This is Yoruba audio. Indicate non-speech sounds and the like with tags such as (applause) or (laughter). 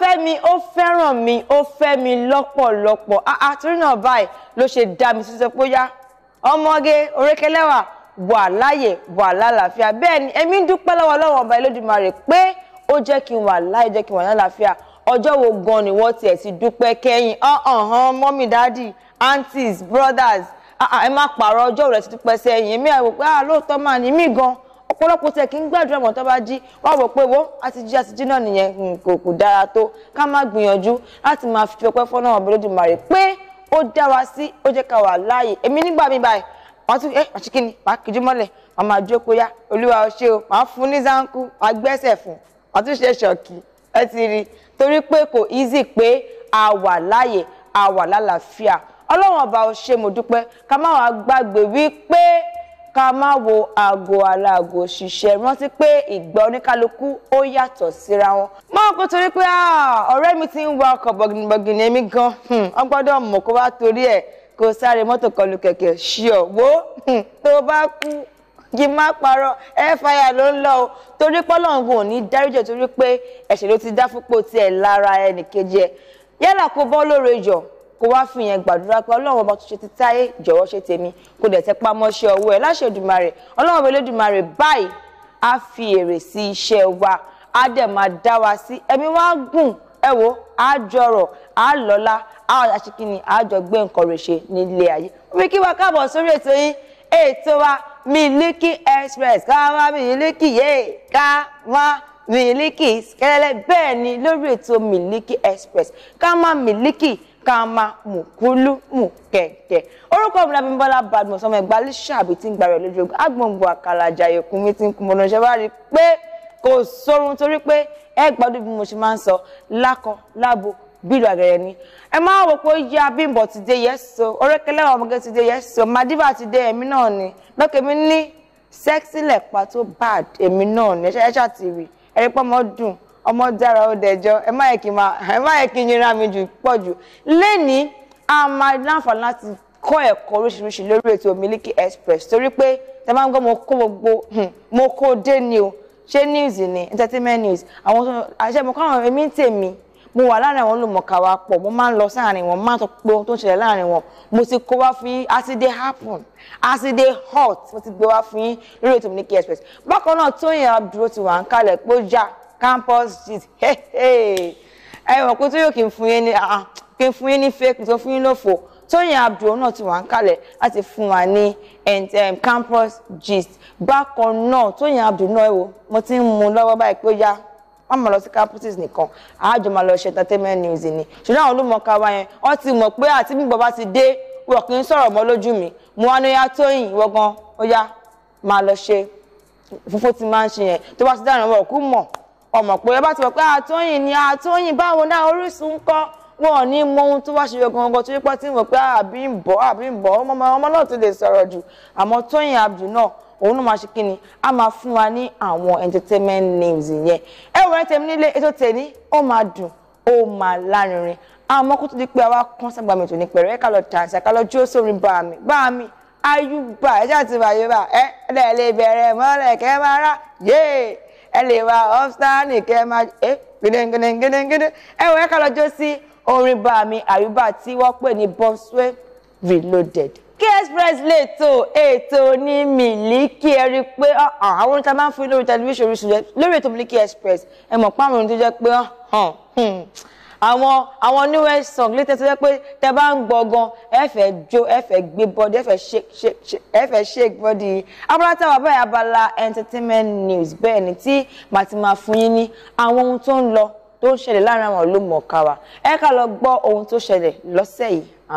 fẹ́ mi ó fẹ́ràn mi ó fẹ́ mi lọ́pọ̀lọpọ̀ àá ah, ah, torí náà báyìí ló ṣe dá mi sí sọ pé ó yá ọmọge orékelẹ́wà wà láyè wà lálàáfíà bẹ́ẹ̀ ni èmi ń dúpẹ́ lọ́wọ́ Ọlọ́run ọba Elédùmarè pé ó jẹ́ kí n wà láyè jẹ́ kí n wà lálàáfíà ọjọ́ wo gan ni wọ́n tiẹ̀ ti dúpẹ́ kẹ́yìn ọ̀hún mọ́mí dáàdì aunties brothers ah, ẹ má pààrọ̀ ọjọ́ rẹ̀ ti dúpẹ́ sẹ́yìn èmi àìwò pé àlóòótọ́ máa ní mí gan-an ọ̀pọ̀lọpọ̀ tẹ̀ kí ń gbàdúrà mọ̀ tó bá jí wá wò pé wo àti jí àti jí náà nìyẹn hmm, kò kò dára tó ká má gbìyànjú láti máa fi ọpẹ́ fọ́nà ọ̀bẹ lódùmarè pé ó dá wa sí ó jẹ́ ká wà láàyè èmi nígbà mi báyìí wọ́n tún ẹ ọ̀sìn kí ni màá kíjú mọ́lẹ̀ màá máa jókòó yá olúwa ó ṣe o màá fún ní zánkú màá gbẹ́sẹ̀ fún wọ́n tún ṣe ṣọ̀kì ẹ ti rí torí pé kò easy pé a wà láàyè a wà lálàáfíà ọlọ́run ọba ó ṣe mo dúpẹ́ ká má wàá gbàgbé wípé ká má wo aago aláago ṣiṣẹ́ rántí pé ìgbà oníkálukú ó yàtọ̀ síra wọn. mọ́ kó torí pé ọ̀rẹ́ mi ti ń wa ọkọ̀ bọ̀gìnìbọ̀gìnì èmi gan hmm, ọ gbọ́dọ̀ mọ̀ kó bá torí ẹ̀ kó sáré mọ́tò kọlù kẹ̀kẹ́ ṣí ọ wo hmm, tó bá kú kí má parọ́ ẹ fàyà ló ń lọ o torí pọ́lọ́ǹgùn ò ní dáríjọ torí pé ẹ̀ṣẹ̀ ló ti dá fúnpọ̀ tiẹ̀ lára ẹnìkejì ẹ̀ yálà kó bọ́ lóore jọ kó wá fi yẹn gbàdúrà pé ọlọ́run ọba tó ṣe ti táyé jọ̀wọ́ ṣe tèmi kó dẹ̀ tẹ pamọ́ṣẹ́ ọwọ́ ẹ̀ láṣẹ Èdùmàrè ọlọ́run ọba Elédùmarè báyìí á fi èrè sí iṣẹ́ wa á dẹ̀ máa dá wa sí ẹ̀mí wa gùn ẹ wo á jọrọ̀ á lọ́lá á àṣekínni á jọ gbé nǹkan rẹ̀ ṣe nílé ayé omi kí wa káàbọ̀ sórí ètò yín ètò wa Miliki Express ká wá Miliki yé ká wá Miliki Kẹ́lẹ́lẹ́ bẹ́ẹ̀ ni lórí ètò Miliki Express ká má Miliki ká má mùkúlù mùkẹ̀kẹ̀ orúkọ mi lábímbọ́lá Badmus ọmọ ìgbàlẹ̀ ṣàbí tí ń gbàrẹ̀ lójú ogun agbọ̀ngbò àkàlàjà ìkún mi ti ń kun mọ̀nà ṣẹ́fà rí pé kò sórun torí pé ẹ gbádùn bí mo ṣe máa ń sọ lákọ lábo bílù àgẹ̀rẹ̀ ni ẹ máa wò pé yá Bímbọ́ ti dé yẹ́sọ orékelẹ́wà ọmọge ti dé yẹ́sọ madiva ti dé ẹ̀mí náà ni lọ́kẹ́mi ní sẹ́ksílẹ̀ pàtó bad èmi náà ni ẹ̀ṣẹ́ ẹ̀ṣẹ́ àti rí i ẹ̀rí pọ́ ọmọ dùn ọmọ dára ó dẹjọ́ ẹ má yẹ kí ẹ má yẹ kí yín rá jù pọ̀ jù lẹ́nìí a máa láǹfààní láti kọ́ ẹ̀kọ́ oríṣiríṣi lórí ètò Miliki Express torí pé tẹ máa ń gbọ́ mo kó gbogbo hmm, mo kó dé ni o ṣé news ni entertainment news àwọn tó ṣe mo kọ́ àwọn èmi tèmi mo wà láàrin àwọn olùmọ̀ọ́ká wa pọ̀ mo máa ń lọ sáàrin wọn máa ń sọ pé ohun tó ń ṣẹlẹ̀ láàrin wọn mo ti kó wá fún yín aside happen aside hot mo ti gbé wá fún yín lórí ètò Miliki Express bákan náà Tóyìn Abdul ti wà ń kalẹ̀ pé ó já campus gist (laughs) ẹ mọ̀ pé Tóyìn kì í fún yín ní ah, ah, kì í fún yín ní fake tó fún yín lófo Tóyìn Abdul náà ti wà ń kalẹ̀ láti fún wa ní campus gist bákan náà Tóyìn Abdul náà ẹ wo mo ti ń mu lọ́wọ́ báyìí pé ó yá wọ́n máa lọ sí campuses nìkan àájọ máa lọ ṣe entertainment news ni ṣùgbọ́n àwọn olùmọ̀ọ́ká wa yẹn wọ́n ti mọ̀ pé àti bí bàbá ti dé wọ́n kì í sọ̀rọ̀ mọ́ lójú mi mo wá níyà tóyìn wọ́gán ó yá máa lọ ṣe fúnfó ti máa ń ṣe yẹn tó bá ti dáná wọn kú mọ̀ ọmọ pé ẹ ti mọ̀ pé àtóyìn ah, ni àtóyìn ah, báwo náà ah, Orísun ń kọ́ wọn ò ní mọ ohun tó wá ṣe gangan tó yípa tí wọn pé àbí ń bọ̀ àbí ń bọ̀ ọmọ náà tó lè sọ̀rọ̀ jù àmọ́ tóyìn Abdul náà òun ló máa ṣe kí ni a máa fún wa ní àwọn entertainment names yẹn ẹ wọ ẹtẹ mi nílé ètò tèmi ó máa dùn ó máa lárinrin àmọ́ kó tó di pé àwa kán sábàmì tòní pẹ̀lú ẹ ká lọ dànsì ká lọ jó sórin bá mi bá mi ayúbà ẹ ṣáà ti bà yóò bà ẹ ẹ lè bẹ̀rẹ̀ mọ́lẹ̀ kẹ́ máa rà yéè ẹ lè wa ọ́fstáàní kẹ́ máa ẹ gẹdẹgẹdẹgẹdẹ ẹ wọ ẹ ká lọ jó sí orin bá mi àyùbá tí wọ́n pè ní bọ́sùwé reloaded. Express lè tó ètò ní Miliki ẹ rí i pé ah, ah, àwọn orin tá a máa ń fún lórí tẹlifíṣàn Orísun lórí ètò Miliki Express ẹ mọ̀ pé àwọn orin tó jẹ́ pé ah, àwọn àwọn newest song latest jẹ́ pé tẹ bá ń gbọ́ gan ẹ fẹ́ jó ẹ fẹ́ gbé bọ́dì ẹ fẹ́ shake shake ẹ fẹ́ shake bọ́dì abala táwa báyìí abala entertainment news bẹ́ẹ̀ ni tí màá ti máa fún yín ní àwọn ohun tó ń lọ tó ń ṣẹlẹ̀ láàrin àwọn olómọ̀ọ́ká wa ẹ ká lọ gbọ́ ohun tó ṣẹlẹ̀ lọ́sẹ̀ yìí.